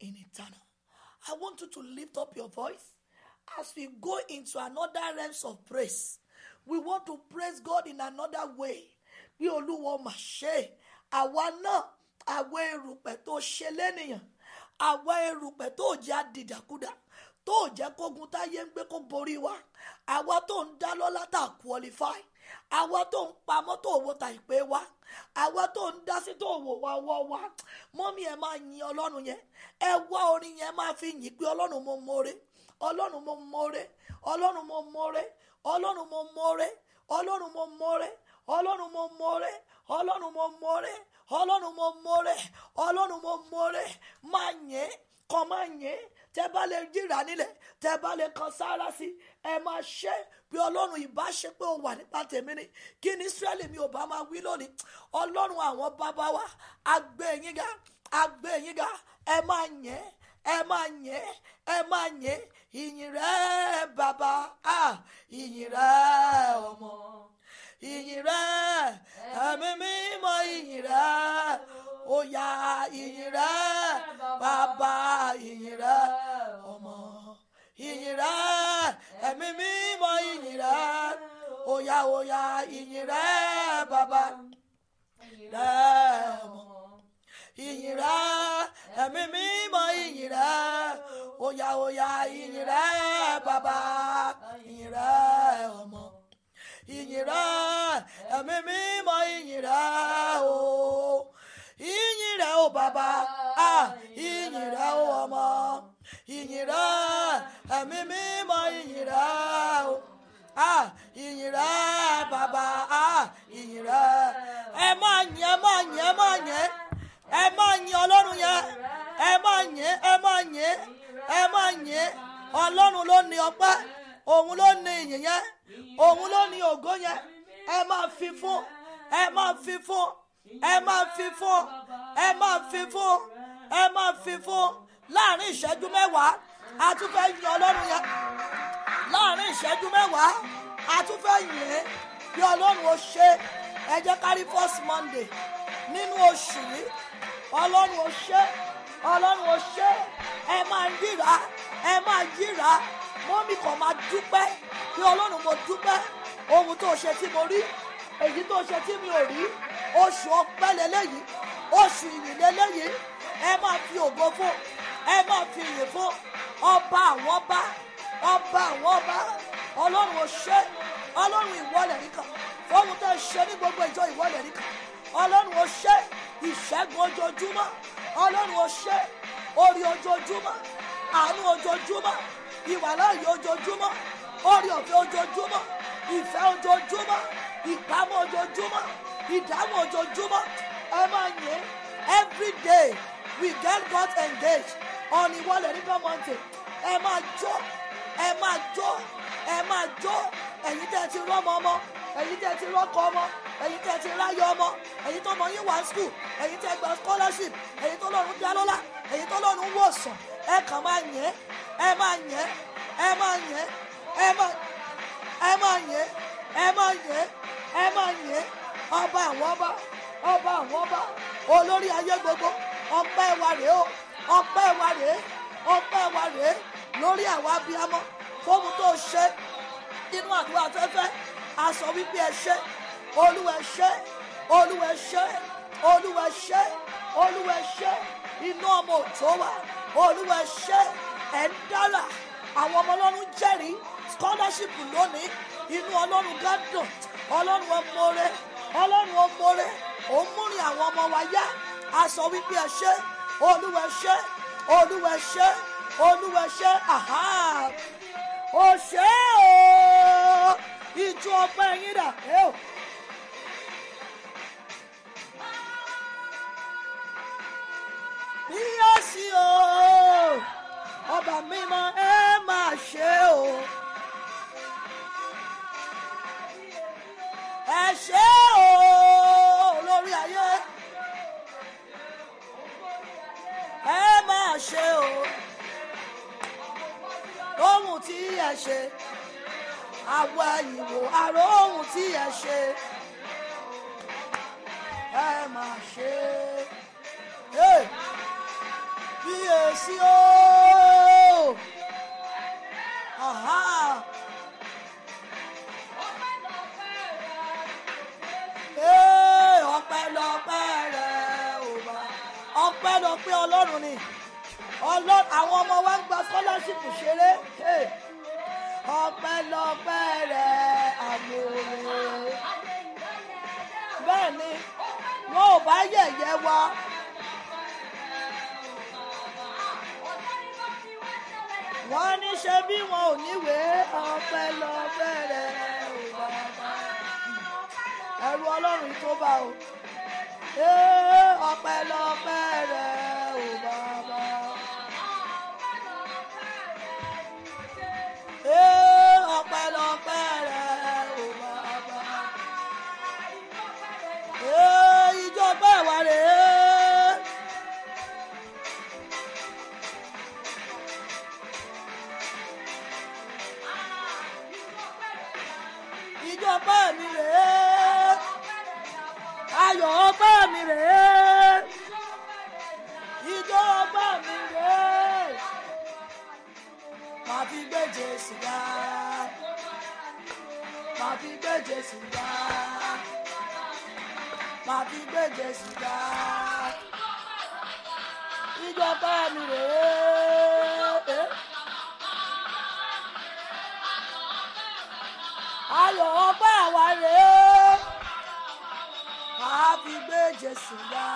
in eternal. I want you to lift up your voice as we go into another realms of praise, we want to praise God in another way. Bí Olúwa mà ṣe, àwa náà, àwa erùpẹ̀ tó ṣe lẹ́nìyàn, àwa erùpẹ̀ tó jẹ́ àdìdàkudà, tó jẹ́ kógun táyé ń gbé kó borí wa, àwa tó ń dá lọ́lá tá a qualify, àwa tó ń pamọ́ tó wo ta ìpè wa, àwa tó ń dá sí tó wò wá wọ́ wa, mọ́mí ẹ máa yin Ọlọ́run yẹn, ẹ wá orin yẹn máa fi yìn pé Ọlọ́run mo mọ̀ọ́rẹ́ ọlọ́run mo mọ̀ọ́ré ọlọ́run mo mọ̀ọ́ré ọlọ́run mo mọ̀ọ́ré ọlọ́run mo mọ̀ọ́ré ọlọ́run mo mọ̀ọ́ré ọlọ́run mo mọ̀ọ́ré ọlọ́run mo mọ̀ọ́ré ọlọ́run mo mọ̀ọ́ré máa yẹn kọ́ máa yẹn tẹ́ bá lè jìrà nílẹ̀ tẹ́ bá lè kan sára sí ẹ máa ṣe bí ọlọ́run ìbá ṣe pé ó wà nípa tèmi ni kí ni Ísírẹ́lì mi ò bá máa wí lónìí ọlọ́run àwọn bàbá wa agbẹ́yìnga agbẹ́yìnga ẹ máa yẹn ẹ máa yìn ẹ máa yìn ìyìn rẹ bàbá ìyìn rẹ ọmọ ìyìn rẹ ẹ̀mí mímọ́ ìyìn rẹ òyà ìyìn rẹ bàbá ìyìn rẹ ọmọ ìyìn rẹ ẹ̀mí mímọ́ ìyìn rẹ òyà òyà ìyìn rẹ bàbá ìyìn rẹ ọmọ ìyìn rẹ ẹ̀mí mímọ́ ìyìn rẹ oya òyà ìyìn rẹ bàbá ìyìn rẹ ọmọ ìyìn rẹ ẹ̀mí mímọ́ ìyìn rẹ o ìyìn o bàbá ìyìn rẹ o ọmọ ìyìn rẹ ẹ̀mí mímọ́ ìyìn rẹ o ìyìn rẹ bàbá ìyìn rẹ ẹ máa yìn ẹ máa yìn máa yìn ẹ máa yin ọlọ́run yẹn ẹ máa yin ẹ máa yin ẹ máa yin ọlọ́run ló ní ọpẹ́ òun ló ní ìyìn yẹn òun ló ní ògo yẹn ẹ máa fi fún ẹ máa fi fún ẹ máa fi fún ẹ máa fi fún ẹ máa fi fún láàrin ìṣẹ́jú mẹ́wàá a tún fẹ́ yin ọlọ́run yẹn láàrin ìṣẹ́jú mẹ́wàá a tún fẹ́ yin bí ọlọ́run ó ṣe ẹ jẹ́ kárí first monday nínú oṣù yìí ọlọ́run ó ṣe ọlọ́run ó ṣe ẹ máa yíra ẹ máa yíra mọ́mí kan máa dúpẹ́ bí ọlọ́run mo dúpẹ́ ohun tó ṣe tí mo rí èyí tó ṣe tí mi ò rí oṣù ọpẹ́ lélẹ́yìí oṣù ìyìn lélẹ́yìí ẹ máa fi ògo fún ẹ máa fi ìyìn fún ọba àwọn ọba ọba àwọn ọba ọlọ́run ó ọlọ́run ìwọlẹ̀ nìkan fọ́hun tó ṣe ní gbogbo ìjọ ìwọlẹ̀ nìkan ọlọ́run ó ṣe ìṣẹ́gun ojoojúmọ́ ọlọ́run ó ṣe orí ojoojúmọ́ àánú ojoojúmọ́ ìwàláyé ojoojúmọ́ orí ọ̀fẹ́ ojoojúmọ́ ìfẹ́ ojoojúmọ́ ìpamọ́ ojoojúmọ́ ìdáhùn ojoojúmọ́ ẹ máa yẹ every day we get God engaged ọ̀nì ìwọlẹ̀ river mountain ẹ máa jó ẹ máa jó ẹ máa jó ẹ̀yin tẹ́ ti rọ́mọ ọmọ ẹ̀yin tẹ́ ti rọ́kọ ọmọ ẹ̀yin tẹ́ ti ráyè ọmọ ẹ̀yin tó mọ yín wá skul ẹ̀yin tẹ́ gba scholarship ẹ̀yin tó lọ́run dá lọ́lá ẹ̀yin tó lọ́run wò sàn ẹ kàn máa yẹn ẹ máa yẹn ẹ máa yẹn ẹ máa ẹ máa yẹn ẹ máa yẹn ẹ máa yẹn ọba àwọn ọba ọba àwọn ọba olórí ayé gbogbo ọpẹ́ wa rèé o ọpẹ́ wa rèé ọpẹ́ wa rèé lórí àwa abiyamọ fóun tó ṣe nínú àdúrà afẹ́fẹ́ a wípé ẹ ṣe olúwa ṣe olúwa ṣe olúwa ṣe olúwa ṣe iná ọmọ òtó wa olúwa ẹ̀ ń dára àwọn ọmọ ọlọ́run jẹ́rìí scholarship lónìí inú ọlọ́run gádùn ọlọ́run ọmọre ọlọ́run ọmọre òun múrin àwọn ọmọ wa yá aṣọ wípé ẹ ṣe olúwa ṣe olúwa ṣe ìjọ ọpẹ́ yín dà bí ó sì o ọba mímọ́ ẹ máa ṣe o. ẹ ṣe o lórí ayé ẹ máa ṣe o ohun tí ẹ ṣe àwa ìwò àrò ohun tí ẹ ṣe ẹ máa ṣe. Hey! kíyèsí Aha. Ee eh, ọpẹ́lọpẹ́ rẹ̀ ò bá. Ọpẹ́lọpẹ́ Ọlọ́run ni. Ọlọ́run àwọn ọmọ wa ń gba scholarship ṣeré. Eh, ọpẹ́lọpẹ́ rẹ̀ àmì òye. Bẹ́ẹ̀ni, wọn ò bá yẹ̀yẹ́ wa. wọ́n ní ṣe bí wọn ò níwèé ọpẹ́ lọ bẹ̀rẹ̀ ẹ̀rù ọlọ́run tó bá o ọpẹ́ lọ bẹ̀rẹ̀. Jésù ga. Màá fi gbé Jésù ga. Ìjọba mi rèé. Ayọ̀ ọpẹ́ àwa rèé. Màá fi gbé Jésù ga.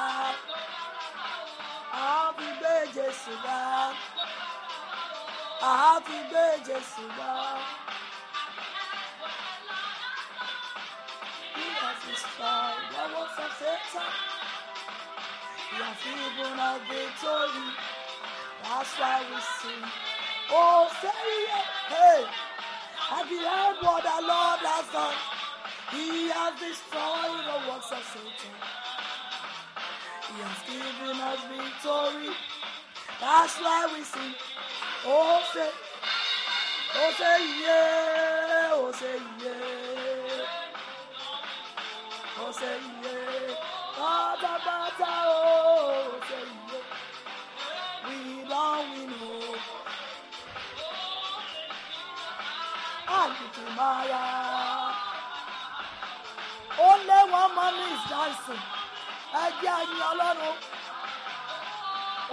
Màá fi gbé Jésù ga. Màá fi gbé Jésù ga. star. There was a Satan. He has given us victory. That's why we sing. Oh, say it. Hey. Have you heard what the Lord has done? He has destroyed the works of Satan. He has given us victory. That's why we sing. Oh, say. Oh, say yeah. Oh, say yeah. ṣe iye pátápátá ó oh, ṣe iye we don win o. àlùkò máa ra ó lé wọn mọ miss johnson ẹ jẹ́ àyìn ọlọ́run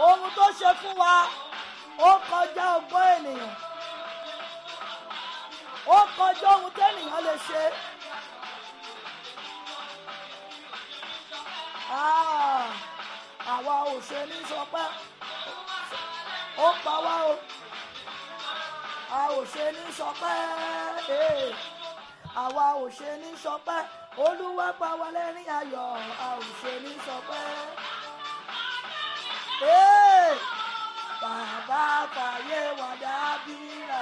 ohun tó ṣe fún wa ó kọjá ọgbọ́n ènìyàn ó kọjá ohun tẹ́nìyàn lè ṣe. Ah, àwa ò ṣe ní sọpẹ́ ó pa wá o a ò ṣe ní sọpẹ́ eh, àwa ò ṣe ní sọpẹ́ olúwa pa wá lẹ́rìn ayọ̀ a ò ṣe ní sọpẹ́. Eh, bàbá fàyè wàdà bíra.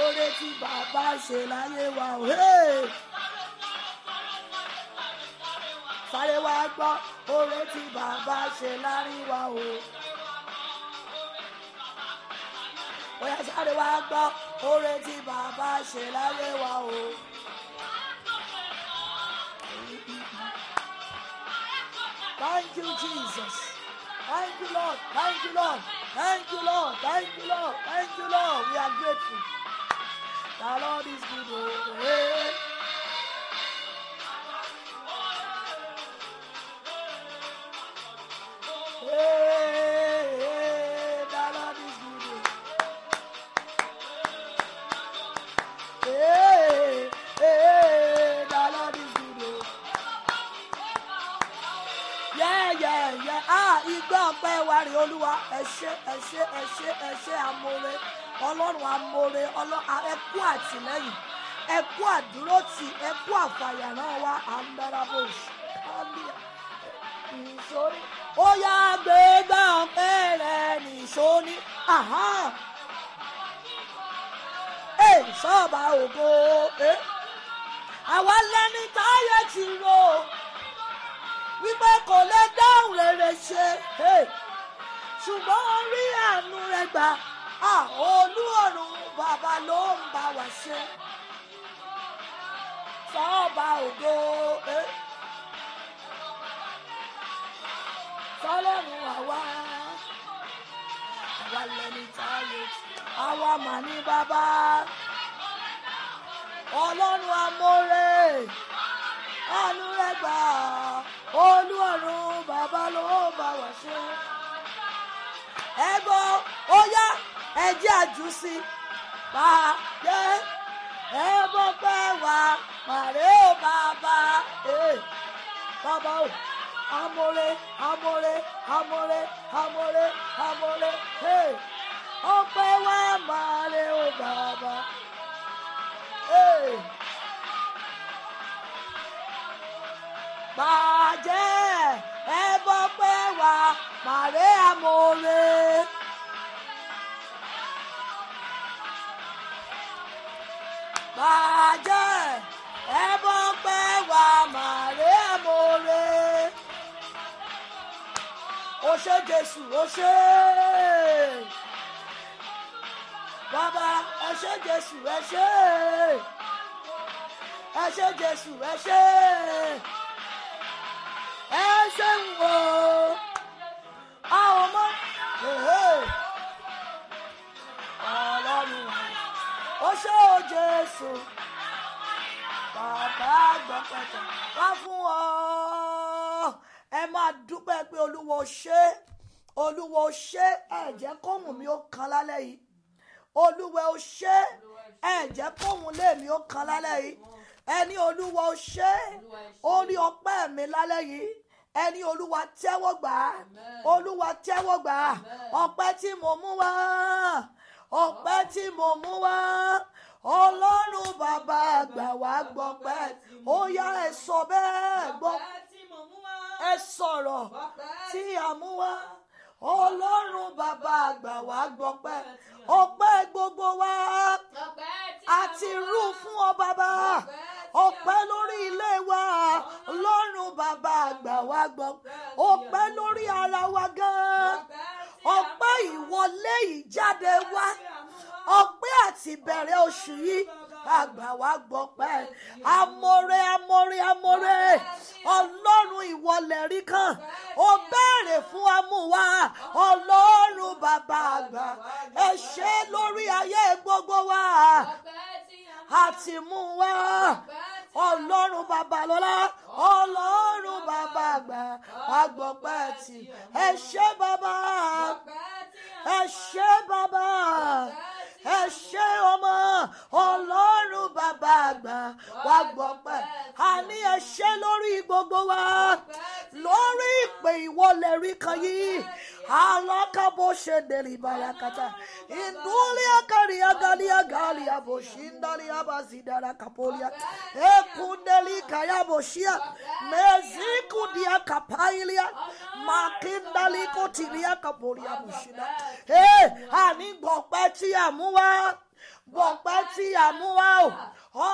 oore bàbá ṣe láyé wa o. sáré wá gbọ́ oore bàbá ṣe láyé wa o. oya sáré wá gbọ́ oore bàbá ṣe láyé wa o. Thank you, Jesus. Thank you, Lord. Thank you, Lord. Thank you, Lord. Thank you, Lord. Thank you, Lord. We are grateful. The Lord is good. Oh, hey. igbá ọpẹ́ wa rè olúwa ẹ ṣé ẹ ṣé ẹ ṣé ẹ ṣé amóore ọlọ́run amóore ẹkú àtìlẹ́yìn ẹkú àdúrótì ẹkú àfàyàrán wa àndárabò ṣáàbíà nìṣóní ó yá gbégbá pẹ́rẹ́ nìṣóní ẹ̀ sọ́ọ̀bà ògo ẹ̀ àwa lẹ́ni táyé ti rò wípé kò lè dáhùn rere ṣe ṣùgbọ́n orí àánú rẹ gbà. Hey. Ah, olú ọ̀run bàbá ló ń bá wa ṣe sọ́ọ̀bà ògo eh. sọ́lọ́run àwa àwa lẹni tá a lè àwa mà ní bàbá ọlọ́run amóore àánú rẹ̀ bàbá ló ń bá wa ṣe ẹ gbọ́ ó yá ẹ jẹ́ àjú sí i pàdé ẹ bọ́ pẹ́ wá pàdé ò bàbá bàbá ò amore amore amore amore amore ọpẹ́ wá pàdé ò bàbá. Hey. bàjẹ́ ẹ bọ́ pẹ́ wá màrẹ́ àmọ́rẹ́. ṣe jésù ó ṣe bàbá ẹ ṣe jésù ẹ ṣe ẹ ṣe jésù ẹ ṣe ẹ ṣe ń wò ó àwọn ọmọ ọlọ́run ó ṣe ó jésù bàbá gbọ́pẹ̀tẹ̀ wá fún máa dúpẹ́ pé olúwo ṣe olúwo ṣe ẹ̀jẹ̀ kóhùn mi ó kan lálẹ́ yìí olúwa ó ṣe ẹ̀jẹ̀ kóhùn lèmi ó kan lálẹ́ yìí ẹni olúwa ó ṣe orí ọpẹ́ mi lálẹ́ yìí ẹni olúwa tẹ́wọ́ gbà á olúwa tẹ́wọ́ gbà á ọpẹ́ tí mo mú wá ọpẹ́ tí mo mú wá ọlọ́run bàbá àgbà wá gbọ́pẹ́ ó yá ẹ sọ bẹ́ẹ̀ gbọ́pẹ́ ẹ sọ̀rọ̀ tí a mú wá ọlọ́run bàbá àgbà wá gbọ́pẹ́ ọpẹ́ gbogbo wa àti rú fún ọ bàbá ọpẹ́ lórí ilé wa ọlọ́run bàbá àgbà wá gbọ́ ọpẹ́ lórí ara wa gan ọpẹ́ ìwọlé ìjáde wa ọpẹ́ àti ìbẹ̀rẹ̀ oṣù yìí àgbà wá gbọpẹ́ amore amore amore ọlọ́run ìwọlẹ̀ rí kan ó bẹ̀rẹ̀ fún amúwa ọlọ́run bàbá àgbà ẹ ṣe lórí ayé gbogbo wa àti mú wa ọlọ́run bàbá lọ́lá ọlọ́run bàbá àgbà agbọ̀pẹ́ ti ẹ ṣe bàbá ẹ ṣe bàbá ẹ ṣé ọmọ ọlọ́run bàbá àgbà wá gbọ́pẹ́ àní ẹ ṣé lórí gbogbo wa lórí ìpè ìwọlẹ̀ kan yìí. halaka boshe delibaya kata indulia karia galia galia boshinda lia bazidara kapolia ekundeli kaya boshia meziku dia kapailia makinda liko tilia kapolia boshinda eh ani gbọpẹ́ tí a mú wá gbọpẹ́ tí a mú wá o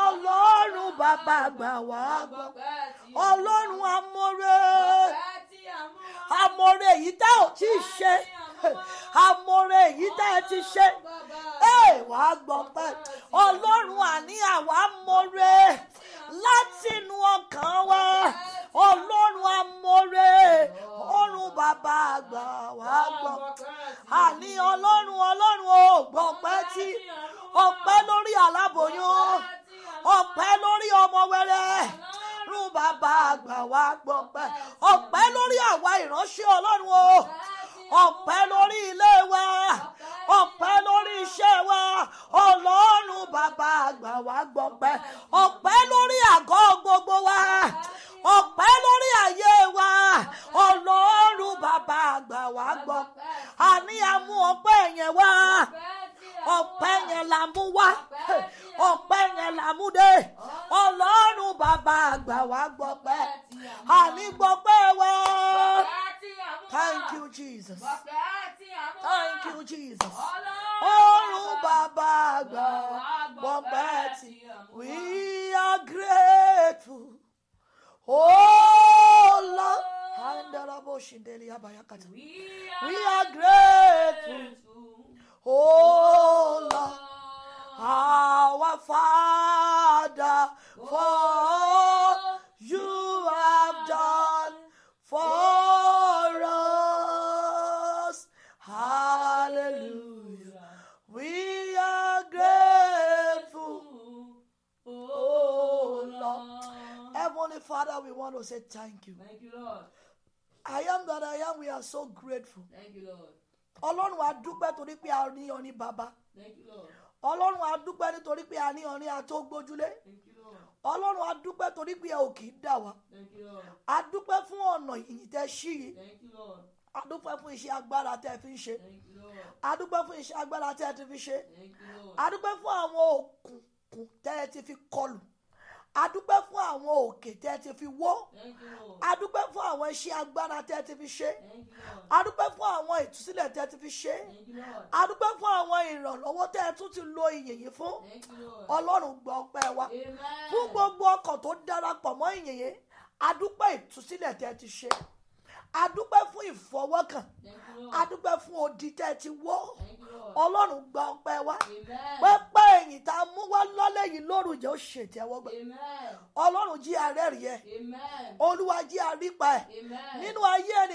ọlọ́run bàbá gbà wá gbọpẹ́ ọlọ́run amóore. àmọ̀rẹ́ èyí tá ò tí ì ṣe àmọ̀rẹ́ èyí tá ẹ ti ṣe ẹ wà á gbọ́ pé ọlọ́run àní àwa mọ̀rẹ́ látinú ọkàn wa ọlọ́run amọ̀rẹ́ ọ̀run bàbá àgbà wà á gbọ́ àní ọlọ́run ọlọ́run ò gbọ́ pẹ́ tí ọpẹ́ lórí aláboyún ọpẹ́ lórí ọmọ wẹrẹ ọlọ́run bàbá àgbà wa gbọpẹ́ ọpẹ́ lórí àwa ìránṣẹ́ ọlọ́run o ọpẹ́ lórí ilé wa ọpẹ́ lórí iṣẹ́ wa ọlọ́run bàbá àgbà wa gbọpẹ́ ọpẹ́ lórí àgọ́ gbogbo wa ọpẹ́ lórí ayé wa ọlọ́run bàbá àgbà wa gbọpẹ́ àní amú ọpẹ́ yẹn wá ọpẹ́ yẹn là mú wá ọpẹ́ yẹn là mú dé ọlọ́run. bàbá àgbà wá gbọpẹ́ àní gbọpẹ́ wọ. Thank you Jesus. Thank you Jesus. Ọlọ́run bàbá àgbà gbọpẹ́ tí we are grateful. Oh Lord. We are grateful. Oh Lord. Our Father, for you have done for us. Hallelujah. We are grateful, oh Lord. Heavenly Father, we want to say thank you. Thank you, Lord. I am that I am. We are so grateful. Thank you, Lord. Alone wa dúpẹ́ torí pé a ní ọ ní bàbá. Thank you, Lord. ọlọ́run a dúpẹ́ nítorí pé a ní ọrin àti ògbójúlé ọlọ́run a dúpẹ́ torí pé ò kì í dà wá a dúpẹ́ fún ọ̀nà ìyìn tẹ́ ṣí yìí a dúpẹ́ fún iṣẹ́ agbára tẹ́ fi ń ṣe a fún iṣẹ́ agbára tẹ́ ti fi ṣe a fún àwọn òkùnkùn tẹ́ ti fi kọlù adúpẹ́ fún àwọn òkè tẹ́ ti fi wó adúpẹ́ fún àwọn iṣẹ́ agbára tẹ́ ti fi ṣe adúpẹ́ fún àwọn ìtúsílẹ̀ tẹ́ ti fi ṣe adúpẹ́ fún àwọn ìrànlọ́wọ́ tẹ́ tún ti lo ìyẹ̀yẹ̀ fún ọlọ́run gbọ́ ọpẹ́ wa fún gbogbo ọkọ̀ tó darapọ̀ mọ́ ìyẹ̀yẹ̀ adúpẹ́ ìtúsílẹ̀ tẹ́ ti ṣe. adúpẹ́ fún ìfọwọ́kàn adúpẹ́ fún odi ti wọ́ ọlọ́run gba ọpẹ́ wa pẹ́pẹ́ ẹ̀yìn tá a mú wá lọ́lẹ̀ yìí lóru jẹ́ ó ṣètẹ́wọ́gbà ọlọ́run jí arẹ́rìí ẹ̀ olúwa jí arípa ẹ̀ nínú ayé ẹni